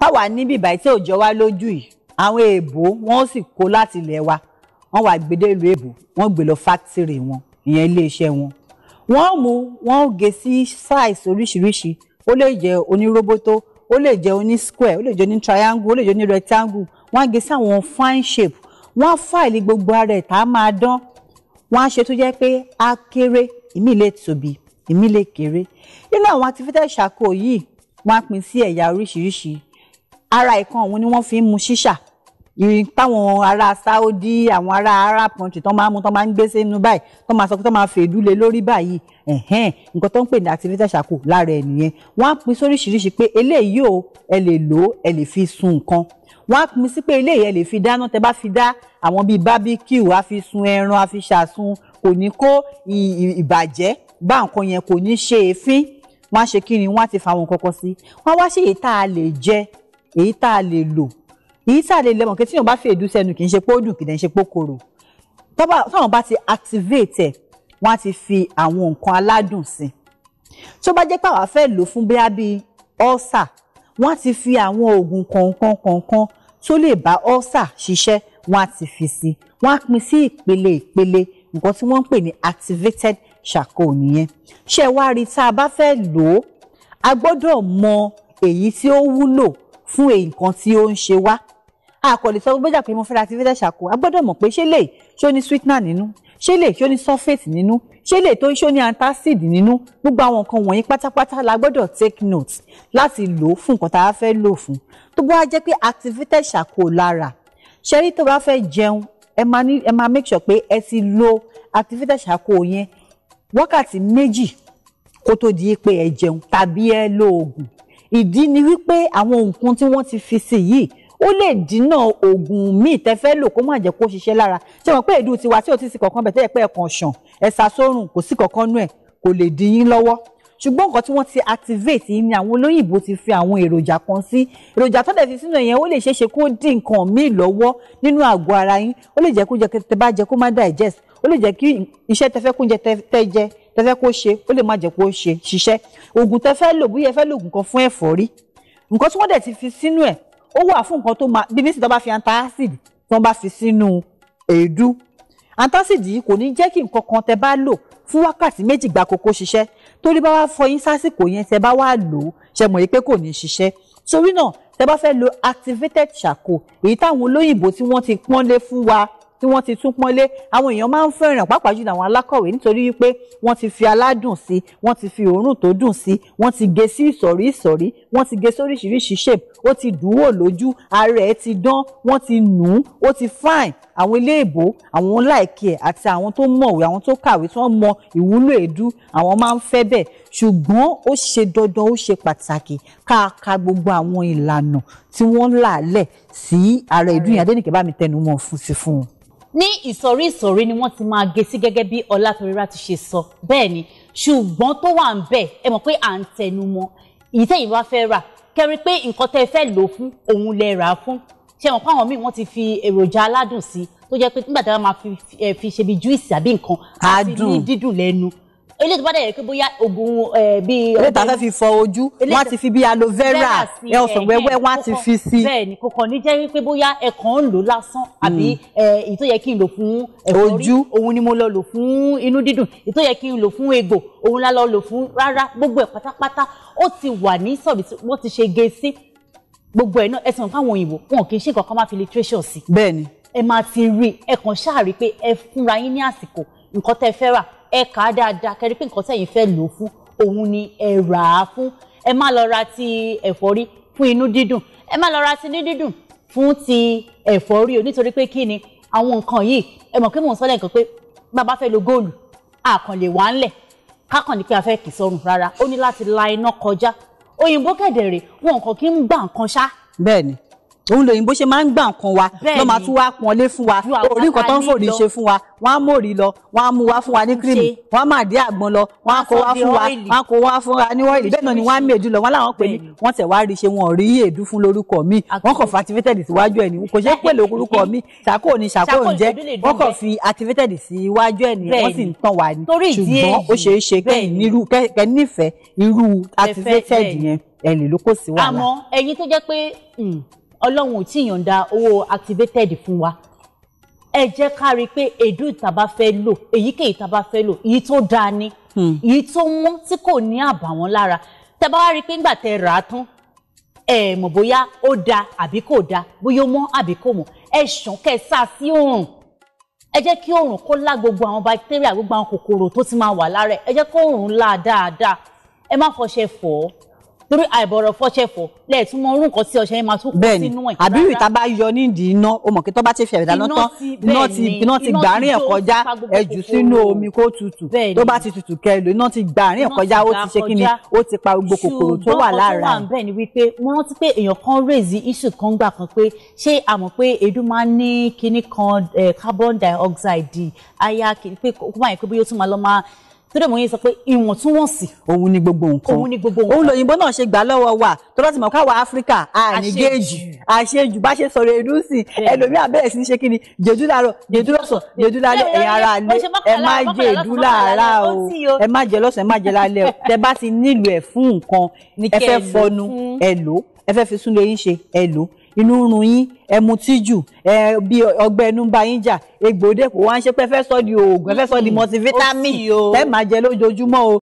táwa níbi ìbàyí tí òjò wa lójú yìí àwọn èèbó wọn sì kó láti ilẹ̀ wa wọn wà gbédé ìlú èèbó wọn gbé lọ fákítìrì wọn ìyẹn iléeṣẹ́ wọn wọn mú wọn gé sí size oríṣiríṣi ó lè jẹ oníróbótó ó lè jẹ oní square ó lè jẹ oní triangle ó lè jẹ oní rectangle wọn á gé sí àwọn fine shape wọn á fáìlì gbogbo ara tá a máa dán wọn á ṣe tó jẹ́ pé á kéré ìmí lè tóbi ìmí lè kéré nínú àwọn activities ṣàkó yìí wọn á pín sí ẹ̀yà oríṣiríṣi ara ìkan ọ̀hún ni wọ́n fi ń mu ṣíṣà ìrìn táwọn Saudi àwọn ará Arab country tó máa ń mu tó máa ń gbé sínú báyìí tó máa sọ pé tó máa fèédú lé lórí báyìí ẹ̀hẹ́n nǹkan tó ń pè ní activated charcoal lára ẹ̀ nìyẹn wọ́n á pín sóríṣiríṣi pé eléyìí o ẹ lè lò ó ẹ lè fi sun nǹkan wọ́n á pín sí pé eléyìí ẹ lè fi dáná tẹ bá fi dá àwọn bíi barbecue a fi sun ẹran a fi ṣàsun kò ní kó ìbàjẹ́ bá nǹkan yẹn kò ní ṣe èéfín wọ́n á ṣe kí ni wọ́n á ti fa àwọn kọ̀ọ̀kan sí wọ́n á wá ṣèyí tá a lè jẹ èyí tá a lè lò èyí tá a lè lẹ́mọ̀ kí tíyàn bá fi èédú sẹ́nu kì í ṣe pé ó dùn kì í dẹ̀ ṣe pé ó korò táwọn bá ti activate ẹ̀ wọ́n á ti fi àwọn nǹkan aládùn sí tó bá jẹ́ pé àwa fẹ́ lò fún bóyá bíi ulcer wọ́n á ti fi àwọn oògùn kọ̀ọ̀kan kọ̀ọ̀kan tó lè bá ulcer ṣiṣẹ́ wọ́n á ti fi sí wọ́n á pín sí ìpele ìpele nǹkan tí wọ́n ń pè ní activated charcoal nìyẹn ṣé wá rí tá a bá fẹ́ lò ó a gbọ́dọ̀ mọ èyí tí ó wúlò fún nǹkan tí ó ń ṣe wá àkọlé sọ gbọ́dọ̀ pé mo fẹ́ ra activated charcoal a gbọ́dọ̀ mọ̀ pé ṣé lè ṣó ní sweetener nínú ṣé lè ṣó ní sulfate nínú ṣé lè tó ṣó ní antacid nínú gbogbo àwọn nǹkan wọ̀nyí pátápátá la gbọ́dọ̀ take note láti lò ó fún nǹkan tá a fẹ́ lò fún tó bá jẹ́ pé activated charcoal lára ṣẹ́rí tó bá fẹ́ jẹun ẹ máa ní ẹ máa make sure pé ẹ ti lo activated charcoal yẹn wákàtí méjì kó tó di pé ẹ jẹun tàbí ẹ lo oògùn ìdí ni wípé àwọn nǹkan tí wọ́n ti fi sí yìí ó lè dínà oògùn míì tẹ́ fẹ́ lò kó má jẹ́ kó ṣiṣẹ́ lára ṣé wọn pé èédú tiwa tí ò ti sí kankan bẹ̀ tẹ́lẹ̀ pé ẹ̀kan ṣàn ẹ̀sà sórùn kò sí kankan nú ẹ̀ kò lè dín yín lọ́wọ́ ṣùgbọ́n nǹkan tí wọ́n ti activate ni àwọn olóyìnbó ti fi àwọn èròjà kan sí èròjà tó dẹ̀ fi sínú yẹn ó lè ṣeé ṣe kó dín nǹkan míì lọ́wọ́ nínú àgọ́ ara yín ó lè jẹ́ kó jẹ tẹ́ bá jẹ kó má digest ó lè jẹ́ kí iṣẹ́ tẹ́ fẹ́ kó jẹ tẹ́ jẹ tẹ́fẹ́ kó ṣe ó lè má jẹ́ kó ṣe ṣiṣẹ́ oògùn tẹ́fẹ́ lò bóyá ẹ fẹ́ lòògùn kan fún ẹ̀fọ́rí nǹkan tí wọ́n dẹ̀ ti fi sínú ẹ̀ ó wà fún nǹkan tó máa bíbí sì tó bá fi antacid tí wọ́n bá fi sínú èédú antacid yìí kò ní jẹ́ kí nǹkan kan tẹ́ bá lò fún wákàtí méjì gbáko kó ṣiṣẹ́ torí bá wá fọyín sásìkò yẹn tẹ́ bá wá lò ó ṣe mọ̀ yìí pé kò ní ṣiṣẹ́ torí náà tẹ́ bá fẹ́ lo activated charcoal èyí táwọn olóyìnbó tí wọ́n ti pọ́nlé fún wa tí wọ́n ti tún pọ́nlé àwọn èèyàn máa ń fẹ́ràn pàápàá jùlọ àwọn alákọ̀wé nítorí wípé wọ́n ti fi aládùn sí wọ́n ti fi òórùn tó dùn sí wọ́n ti gé sí ìsọ̀rí ìsọ̀rí wọ́n ti gé sóríṣiríṣi shape ó ti dùn wò lójú ara ẹ̀ ti dán wọ́n ti nù ú ó ti fine àwọn ilé ìbò àwọn láìkí ẹ̀ àti àwọn tó mọ̀wé àwọn tó kàwé tí wọ́n mọ ìwúlò èédú àwọn máa ń fẹ́ bẹ́ẹ̀ ṣùgbọ́n ó ṣe dandan ó ṣe pàtàkì ká ka gbogbo àwọn ìlànà tí wọ́n là lẹ̀ sí ara èédú yẹn Adénìké bá mi tẹnu mọ́ fún sí fún un ní ìsọ̀rí ìsọ̀rí ni wọ́n ti máa gé sí gẹ́gẹ́ bí ọlátorírà ti ṣe sọ bẹ́ẹ̀ ni ṣùgbọ́n tó wà ń bẹ̀ ẹ mọ̀ pé à ń tẹnu mọ́ èyí tẹ̀yìn bá fẹ́ rà kẹrin pé nǹkan tẹ́ fẹ́ lò fún òun lẹ rà á fún ṣe mọ̀ pé àwọn míì wọ́n ti fi èròjà aládùn sí tó jẹ́ pé nígbà tí wọ́n máa fi ṣe bí júìsì àbí nǹkan àti ní dídùn lẹ́nu eléyìí tó bá dẹ̀ yẹ pé bóyá oògùn bíi. eléyìí tá a fẹ́ fi fọ ojú wọ́n á ti fi bíi aloe vera ẹ ọsàn wẹ́wẹ́ wọ́n á ti fi sí. bẹ́ẹ̀ni kò kàn ní jẹ́ wípé bóyá ẹ̀kan ń lò lásán àbí hmm. èyí tó yẹ kí n lò fún ẹ̀fọ́rí òun ni mo lọ lò fún inú dídùn èyí tó yẹ kí n lò fún egbò òun la lọ lò fún rárá gbogbo ẹ̀ pátápátá ó ti wà ní sọ̀bì wọ́n ti ṣe ge sí gbogbo ẹ̀ náà ẹ̀sìn nǹkan àwọn òyìnbó wọn kì nǹkan kan fẹ́ rà ẹ kà á dáadáa kẹrí pé nǹkan tẹ̀yìn fẹ́ lò fún òun ni ẹ rà á fún ẹ má lọ ra ti ẹ̀fọ́rí fún inú dídùn ẹ má lọ ra ti ní dídùn fún ti ẹ̀fọ́rí o nítorí pé kí ni àwọn nǹkan yìí ẹ mọ̀ pé mò ń sọ́lẹ̀ nǹkan pé bàbá fẹ́ lo góòlù àkànlè wà ńlẹ̀ kákàn ní pé a fẹ́ kì sọ́run rárá ó ní láti la iná kọjá òyìnbó kẹ̀dẹ̀ rè wọn nǹkan kí ń gbà nǹkan ṣá. bẹ́ẹ̀ni òun lòyìnbó ṣe máa ń gbà nǹkan wa ló máa tún wá pọ́nlé fún wa orí nǹkan tó ń fòrí ṣe fún wa wọ́n á mòrí lọ wọ́n á mú wá fún wa ní kírìmù wọ́n á máa dé àgbọn lọ wọ́n á kó wá fún wa wọ́n á kó wá fún wa ní ọ́ìlì bẹ́ẹ̀ náà ni wọ́n á mèdú lọ wọ́n láwọn pè ní wọ́n tẹ̀ wá rí ṣe wọn rí èédú fún lórúkọ mi wọ́n kàn fi activated síwájú ẹ̀ ní kò ṣe é pè lórúkọ mi ṣàkó ni ṣàkó ń jẹ́ wọ́n kàn fi activated síwájú ẹ̀ ní wọ́n sì ń tàn wá ní ṣùgbọ́n ó ṣeé ṣe kẹ́ nífẹ̀ẹ́ irú activated yẹn ẹ̀ lè ló kò sí wàhálà. àmọ́ ẹ̀yin tó jẹ́ pé hmm, ọlọ́run ò tí ì yọ̀ǹda owó activated fún wa ẹ jẹ́ ká rí i pé èédú ìtaba fẹ́ lò èyíkéyìí ìtaba fẹ́ lò èyí tó dáa ni hmm. èyí tó mọ́ tí kò ní àbàwọ́n lára tẹ wá rí i pé ńgbà tẹ rà á tán ẹ mọ̀ bóyá ó da àbí kò da bóyá ó mọ́ àbí kò mọ́ ẹ ṣàn kẹ́ ẹ sá sí oòrùn ẹ jẹ́ kí oòrùn kó lá gbogbo àwọn bacteria gbogbo àwọn kòkòrò tó ti máa wà lára ẹ jẹ́ kó oòrùn lá dáadáa ẹ má fọṣẹ fọ̀ ọ́ torí àìbọ̀rọ̀ fọ́ṣẹ́ fọ́ lẹ́ẹ̀ tún mọ orun kan tí ọṣẹ yẹn máa tún kó sínú ẹ̀. àbí ìta bá yọ nídìí iná o mọ̀ kí tó bá ti fẹ̀rẹ̀ dáná tán iná ti gbàárín ẹ̀ kọjá ẹ jù sínú omi kó tutù tó bá ti tutù kẹlò iná ti gbàárín ẹ̀ kọjá ó ti ṣe kí ni ó ti pa gbogbo kòkòrò tó wà lára. ṣùgbọ́n tó wà bẹ́ẹ̀ ni wípé mo rántí pé èèyàn kan a mọ̀ pé èédú máa ń ní kinní kan eh, carbon dioxide àyà tó dẹ̀ mọ̀ yín sọ pé ìwọ̀ntúnwọ̀nsì. òun ni gbogbo nǹkan òun ni gbogbo nǹkan òun lòyìnbó náà ṣe gbà lọ́wọ́ wa tó bá ti mọ̀ káwa áfíríkà ànígéèjì àṣejù bá ṣe sọ̀rọ̀ èdú sí ẹlòmíà bẹ́ẹ̀ sì ń ṣe kí ni jèdú láàárọ̀ jèdú lọ́sàn jèdú lálẹ́ ẹ̀yin ara alẹ́ ẹ má jẹ èdú láàárá o ẹ má jẹ lọ́sàn ẹ má jẹ lálẹ́ o tẹ bá ti nílò ẹ̀ fún nǹkan ẹ fẹ́ fọnu ẹ lò ẹ fẹ́ fi súnlẹ̀ yín ṣe ẹ lò inú ń run yín ẹ mutí jù ẹ bí ọgbẹ́ inú ń bá yín jà egbò dẹ́kun wá ń ṣe pé ẹ fẹ́ sọ di oògùn ẹ sọ di multivitamin tẹ́ máa jẹ lójoojúmọ́ o